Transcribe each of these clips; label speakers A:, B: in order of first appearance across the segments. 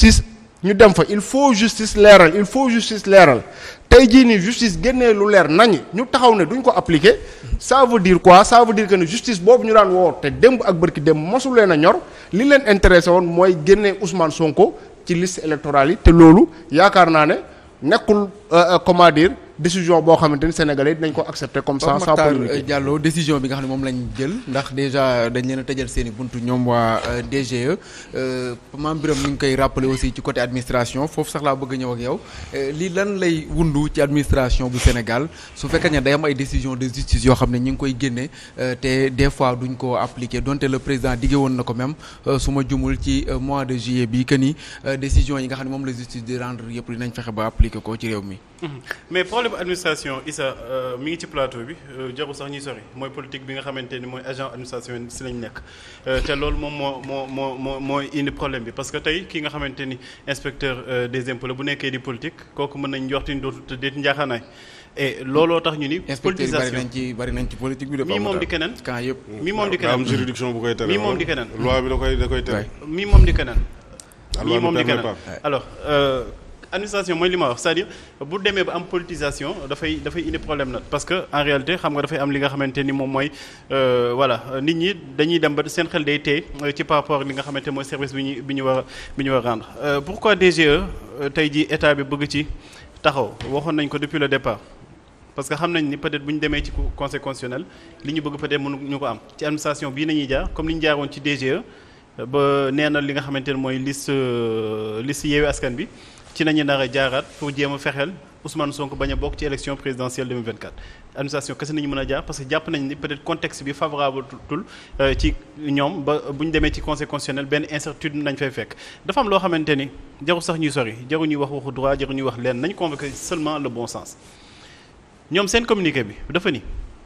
A: justice ñu dem fa il faut justice leeral il faut justice leeral tey jii nii justice génnee lu leer nañ ñu taxaw ne duñ ko appliquer ça veut dire quoi ça veut dire que ne justice boobu ñu daan woo te démb ak bërki démb mosul leen a ñor li leen intéressé woon mooy génnee Ousmane Sonko ci liste électorale yi te loolu yaakaar naa ne nekkul euh, euh, comment dire. décision boo xamante ni sénégalais dinañ ko accepter comme ça sans polémique euh, Diallo décision bi nga xam ne moom lañ jël ndax déjà euh, dañ leen a tëjal seen i buntu ñoom waa euh, DGE maam Biram ñu ngi koy rappeler aussi ci côté administration foofu sax laa bëgg ñëw ak yow lii lan lay wundu ci administration bu Sénégal su fekkee ne day am ay décision de justice yoo xam ne ñu ngi koy génne te des fois duñ ko appliquer donte le président diggé woon na ko même su ma ci mois de juillet bi que ni décision yi nga xam ne moom la di rendre yëpp dinañ fexe ba appliquer ko ci réew mi problème administration Issa euh, mi ngi ci plateau bi euh, jarul sax ñuy sori mooy politique bi nga xamante ni mooy agent administration si lañ nekk euh, te loolu moom moo moo moo moo mooy indi problème bi parce que tey ki nga xamante ni inspecteur des impôts la bu nekkee di politique kooku mën nañ jox tin dootu tëddeet njaaxaanaay et looloo tax ñu ni. politisation bari nañ ci bari nañ ci politique bi. mi moom di keneen camp yëpp. mi moom di keneen am juridiction bu koy tere. mi moom di keneen loi bi da koy da koy tere. mi moom di keneen. Ah, mi moom di keneen alors. administration mooy li ma wax cest à bu demee ba am politisation dafay dafay indi problème nag parce que en réalité xam nga dafay am li nga xamante ni moom mooy euh, voilà nit ñi dañuy dem ba seen xel day tey ci par rapport li nga xamante mooy service bi ñu bi ñu war a bi ñu war a rendre euh, pourquoi DGE euh, tey jii état bi bëgg ci taxaw waxoon nañ ko depuis le départ parce que xam nañ ni peut-être bu ñu demee ci conseil constitutionnel li ñu bëgg peut-être mënuñu ko am ci administration bii nañuy jaar comme li ñu jaaroon ci DGE ba nee na li nga xamante ne mooy liste liste yeewi askan bi ci nañu ñu a jaaraat pour jéem a fexeel Ousmane Sonko bañ a bokk ci élection présidentielle 2024. administration kese nañu mën a jaar parce que jàpp nañ ni peut-être contexte bi favorable euh, ci ñoom ba bu ñu demee ci conseil constitutionnel benn incertitude nañ fay fekk dafa am loo xamante ni jaru sax ñuy sori jaru ñuy wax waxu droit jaru ñuy wax leen nañ convoqué seulement le bon sens ñoom seen communiqué bi dafa ni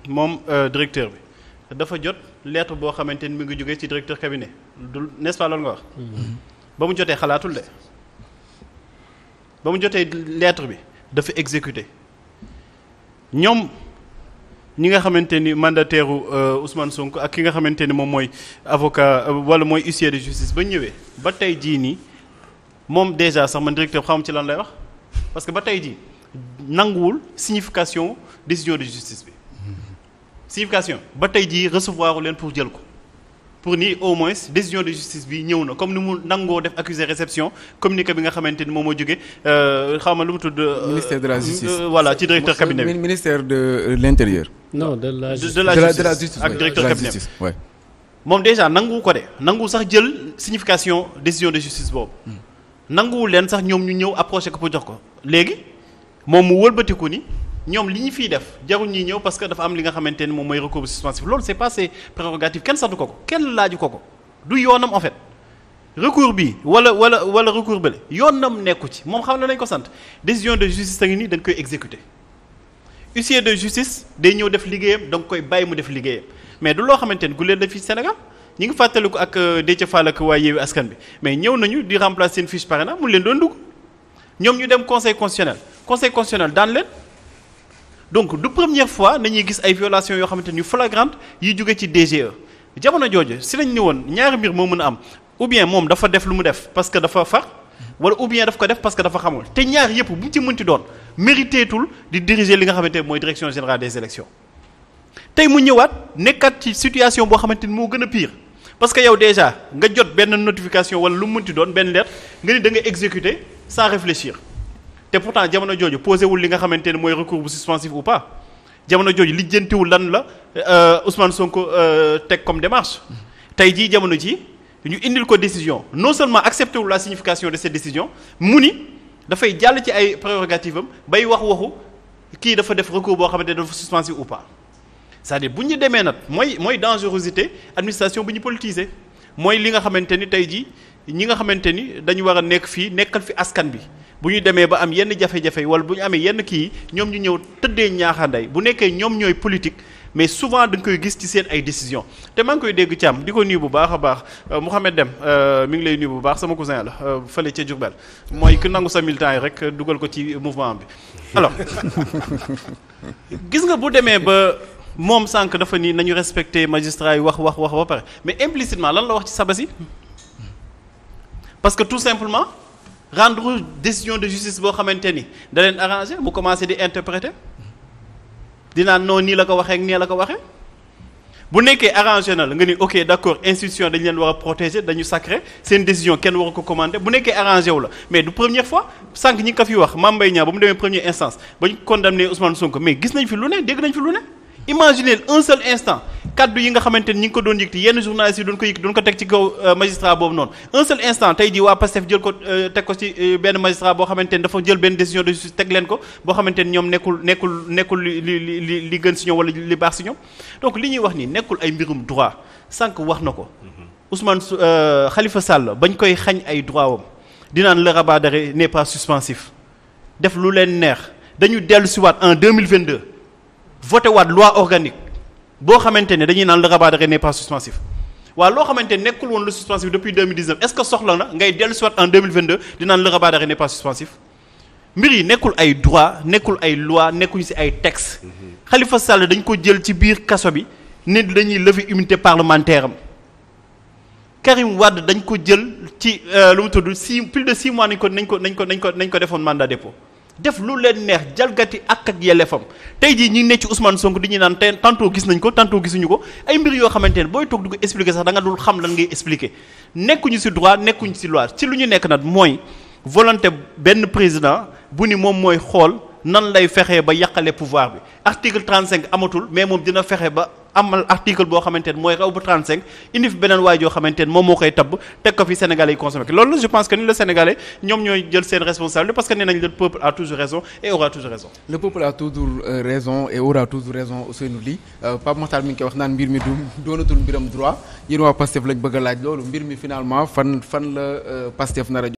A: moom euh, directeur bi dafa jot lettre boo xamante ni mu ngi jógee ci directeur cabinet du n'est-ce pas mm-hmm. ba mu jotee xalaatul de ba mu jotee lettre bi dafa exécuté ñoom ñi nga xamante ni mandataire euh, Ousmane Sonko ak ki nga xamante ni moom mooy avocat euh, wala mooy huissier de justice ba ñëwee ba tey jii nii moom déjà sax man directeur xam ci lan lay wax parce que ba tey jii nanguwul signification décision de justice bi mm-hmm. signification ba tey jii recevoir leen pour jël ko. pour ni au moins décision de justice bi ñëw na comme ni mu nangoo def accusé réception communiqué bi nga xamante ni moom moo jógee euh, xaw ma lu mu tudd. Euh, ministère de la justice euh, voilà ci directeur cabinet bi ministère de l'intérieur. non de la justice de la justice ak directeur cabinet bi moom déjà nangu ko de nangu sax jël signification décision de justice boobu. Hmm. nanguwul leen sax ñoom ñu ñëw approché ko pour jox ko léegi moom mu wëlbatiku ni. ñoom li ñu fiy def jarul ñuy ñëw parce que dafa am li nga xamante ni moom mooy recours suspensif loolu c'est pas ses prérogatives kenn santu ko ko kenn laaju ko ko du yoonam en fait recours bi wala wala wala recours bële yoonam nekku ci moom xam na nañ ko sant décision de justice a ngi nii danga koy exécuter huissier de justice day ñëw def liggéeyam da nga koy bàyyi mu def liggéeyam mais du loo xamante ni guleen la fi Sénégal ñi ngi fàttaliku ak euh, Déthié Fall ak Askan Wi mais ñëw nañu di remplacer seen fiche parrainage mu leen doon ñoom ñu dem conseil constitutionnel conseil constitutionnel daan donc du première fois nañuy gis ay violations yoo xamante ni flagrante yi jóge ci DGE jamono jooju si lañ ni woon ñaari mbir moo mën a am ou bien moom dafa def lu mu def parce que dafa far wala ou bien daf ko def parce que dafa xamul te ñaar yëpp bu mu ci mënti doon mériteetul di diriger li nga xamante mooy direction générale des élections tey mu ñëwaat nekkaat ci situation boo xamante ni moo gën a pire parce que yow déjà nga jot benn notification wala lu mu mënti doon benn lettre nga ni da nga exécuter sans réfléchir te pourtant jamono jooju posé wul li nga xamante ne mooy recours bu suspensif ou pas jamono jooju lijjantiwul lan la euh, Ousmane Sonko euh, teg comme démarche tey jii jamono ji ñu indil ko décision non seulement accepté wul la signification de cette décision mu ni dafay jàll ci ay prérogatives am bay wax waxu kii dafa def recours boo xamante ne dafa suspensif ou pas cest bu ñu demee nag mooy mooy dangerosité administration bu ñu politiser mooy li nga xamante ni tey jii ñi nga xamante ni dañu war a nekk fii nekkal fi askan bi. bu ñu demee ba am yenn jafe-jafe wala bu ñu amee yenn kii ñoom ñu ñëw tëddee ñaaxanday bu nekkee ñoom ñooy politique mais souvent da koy gis ci seen ay décision te maa ngi koy dégg Thiam di ko nii bu baax a baax euh, Mouhamed Dem euh, mi ngi lay nuyu bu baax sama cousin la euh, fële ca Diourbel mooy ku nangu sa militant yi rek dugal ko ci mouvement bi alors gis nga bu demee ba moom sànq dafa nii nañu respecté magistrat yi wax wax wax ba pare mais implicitement lan la wax ci sabasi parce que tout rendre décision de justice boo xamante ni daleen leen arrangé mu commencé di interpréter dinaan non nii la ko waxee ak nii la ko waxee bu nekkee arrangé na la nga ni ok d'accord institution dañu leen war a protéger dañu sacré seen décision kenn waru ko commander bu nekkee arrangé wu la mais du première fois sànq ñi nga ko fi wax Mame Mbaye Niang ba mu demee première instance ba ñu condamné Ousmane Sonko mais gis nañ fi lu ne dégg nañ fi lu ne. imaginez un seul instant kaddu yi nga xamante ni ñi ngi ko doon yëkkati yenn journaliste yi doon ko yëkkati doon ko teg ci kaw euh, magistrat boobu noonu un seul instant tey jii waa Pastef jël ko euh, teg ko ci euh, benn magistrat boo xamante ni dafa jël benn décision de justice teg leen ko boo xamante ni ñoom nekkul nekkul nekkul li li li li gën si ñoom wala li baax si ñoom donc li ñuy wax nii nekkul ay mbirum droit sànq wax na ko mm-hmm. Ousmane Khalifa Sall bañ koy xañ ay droit wa dinaan le rabat d'arrêt n'est pas suspensif def lu leen neex dañu dellu siwaat en 2022 voté waat loi organique boo xamante ne dañuy naan le rabat d'arrêt n'est pas suspensif waaw loo xamante ne nekkul woon lu suspensif depuis 2019 est-ce que soxla na ngay dellu soit en 2022 di naan le rabat d'arrêt n'est pas suspensif mbir yi nekkul ay droit nekkul ay loi nekkuñu ci ay tex mm-hmm. Khalifa Sall dañ ko jël ci biir kaso bi ne dañuy lever immunité parlementaire am Karim Wade dañ ko jël ci euh, lu mu tudd six plus de six mois nañ ko nañ ko nañ ko nañ ko nañ ko def lu leen neex jalgati ak ak yelleefam tey jii ñi nekk ci Ousmane Sonko di ñu naan te tantôt gis nañ ko tantoo gisuñu ko ay mbir yoo xamante ne booy toog di ko expliquer sax da nga dul xam lan ngay expliquer nekkuñu ci droit nekkuñu ci loi ci lu ñu nekk nag mooy volonté benn président bu ni moom mooy xool nan lay fexee ba yàqale pouvoir bi article 35 amatul mais moom dina fexe ba. amal article boo xamante ne mooy raw bu beneen waay joo moom moo koy tabb teg ko fi sénégalais yi consommé loolu je pense que ni le sénégalais ñoom ñooy jël seen responsabilité parce que nee nañ peuple a toujours raison et aura toujours toujours euh, raison et aura toujours raison euh, wax naan mbir mi doonatul mbiram droit yéen waa Pastef lañ bëgg laaj loolu mbir mi finalement fan fan la euh, Pastef nar a